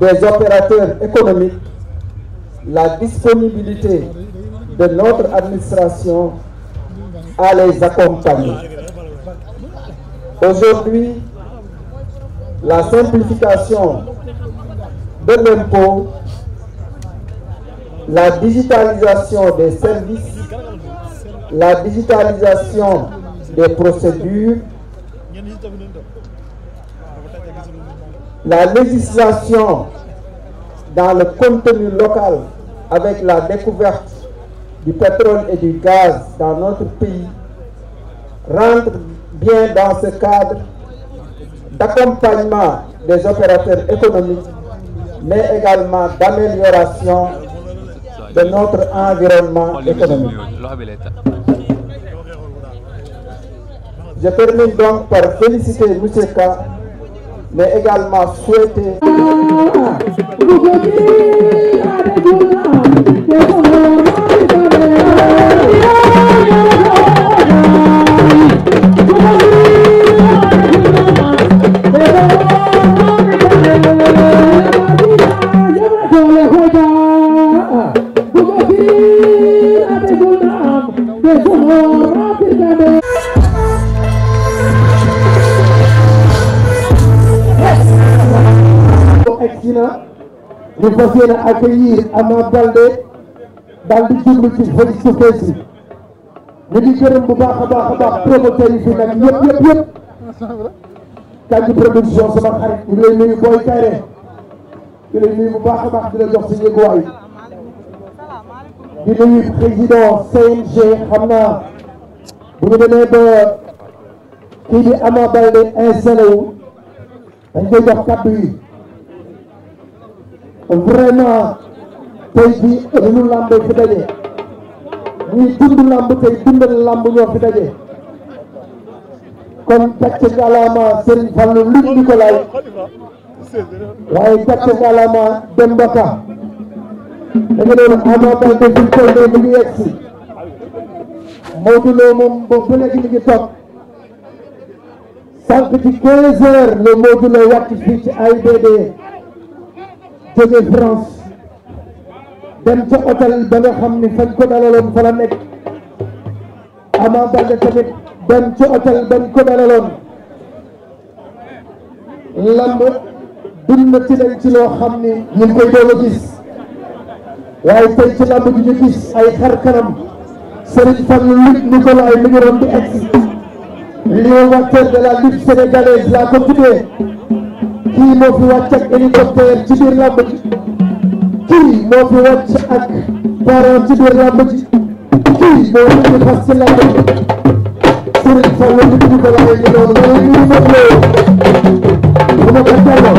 des opérateurs économiques, la disponibilité de notre administration à les accompagner. Aujourd'hui, la simplification de l'impôt, la digitalisation des services, la digitalisation des procédures, la législation dans le contenu local avec la découverte du pétrole et du gaz dans notre pays rentre bien dans ce cadre d'accompagnement des opérateurs économiques, mais également d'amélioration de notre environnement économique. Je termine donc par féliciter Mousseka, mais également souhaiter... Ah, ñu fas yéene accueillir Ama Baldé daal di jublu ci fa ci fees yi bu baax a baax a baax promoteur yi fi nag yëpp yëpp yëpp Kandji production sama xarit ñu lay nuyu booy kayre di lay nuyu bu baax a baax di la jox si yëguwaay di nuyu président CNG xam naa bu ñu demee ba kii di Ama Baldé installé wu dañ koy jox kàddu yi vraiment tey jii lu làmb fi daje ñuy dund làmb tey dundal làmb ñoo fi daje kon gàcce ngalaama Serigne Fallou Luc Nicolaï waaye gàcce ngalaama Demba Ka da nga doon Ama Baldé fi mu toll nii mu ngi yegg si Modou le Modou Lo fii ci AIBD jóge France dem ca hôtel ba nga xam xam ni ñu waaye tey ci lamb bi ñu gis ay xar kanam Serigne Fallou Luc Nicolaï mi ngi doon di egg lion acteur de la lutte sénégalaise laa ko kii moo fi wàcc ak hélicoptère ci biir làmb ji kii moo fi wàcc ak parent ci biir làmb ji kii moo fi ñu fas ci làmb ji Serigne Fallou ñu dugg ko laay ñu doon loolu ñu mën loo bu ma ko jàlloo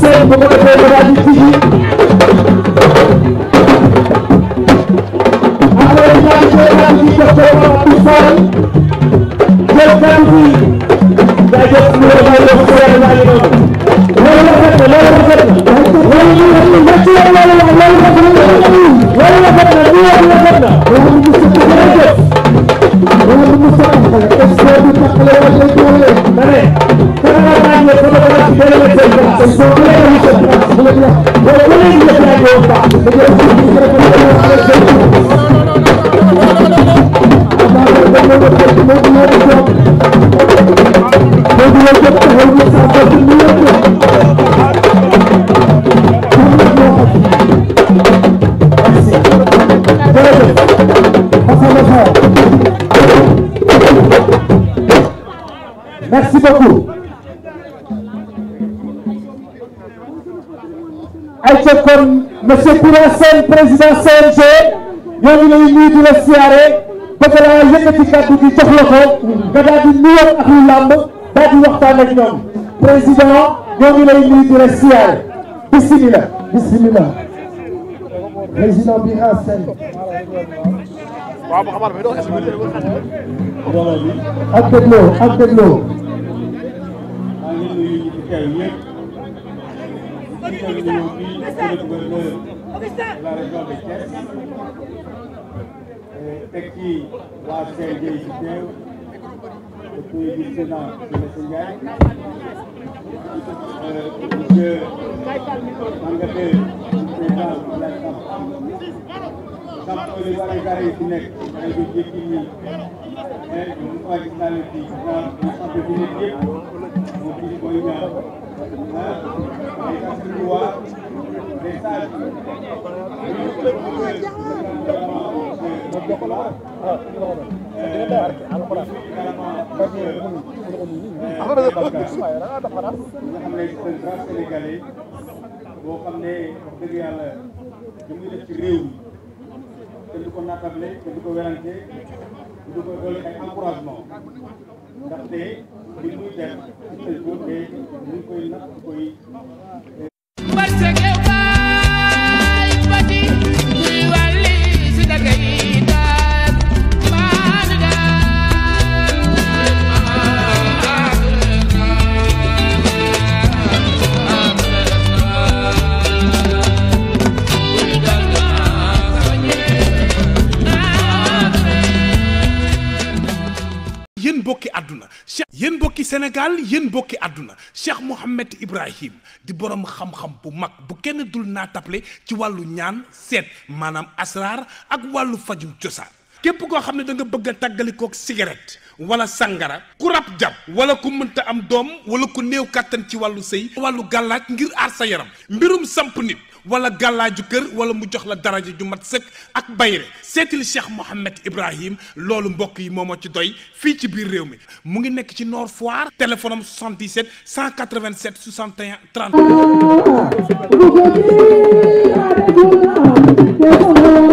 sëriñ bu ko defee Merci beaucoup. kon monsieur Koura Sène président CNG ñoo ngi lay la siyaare bëgg naa yëkkati kàddu gi la ko nga daal di nuyoo ak waxtaan ak ñoom président ñoo ngi lay la siyaare bisimilah. bisimilah président bi en scène. Monsieur le gouverneur de la région de Thiès teg ci waa CNG yi ci teew depuis le Sénat de Messe Ndiaye monsieur l'engagé du président de la jàppale wareekaare yi fi nekk ay ba jéggi nii mais bu ma gis naa leen fii naa bu sant bi nekk yëpp moom fii mooy ñaan ah ay askan waa des sages yi. boo xam ne wax dëgg yàlla ñu ngi def ci réew mi te du ko nattable te du ko werante te du ko dolli ay encouragement ndaxte li muy def ci Facebook te ñu koy natt koy àdduna cheikh yéen bokki Sénégal yéen bokki àdduna cheikh Mouhamed Ibrahim di borom xam-xam bu mag bu kenn dul naa taple ci wàllu ñaan seet maanaam asraar ak wàllu fajum cosaan képp koo xam ne da nga bëgg a tàggalikook cigarette wala sangara ku rab jàpp wala ku mënta am doom wala ku néew kàttan ci wàllu sëy wàllu gàllaaj ngir aar sa yaram mbirum samp nit wala gàllaaju kër wala mu jox la daraja ju mat sëkk ak bayre seetil Cheikh Mouhamed Ibrahim loolu mbokk yi moom moo ci doy fii ci biir réew mi mu ngi nekk ci Nord Foire téléphone am 77 187 61 30.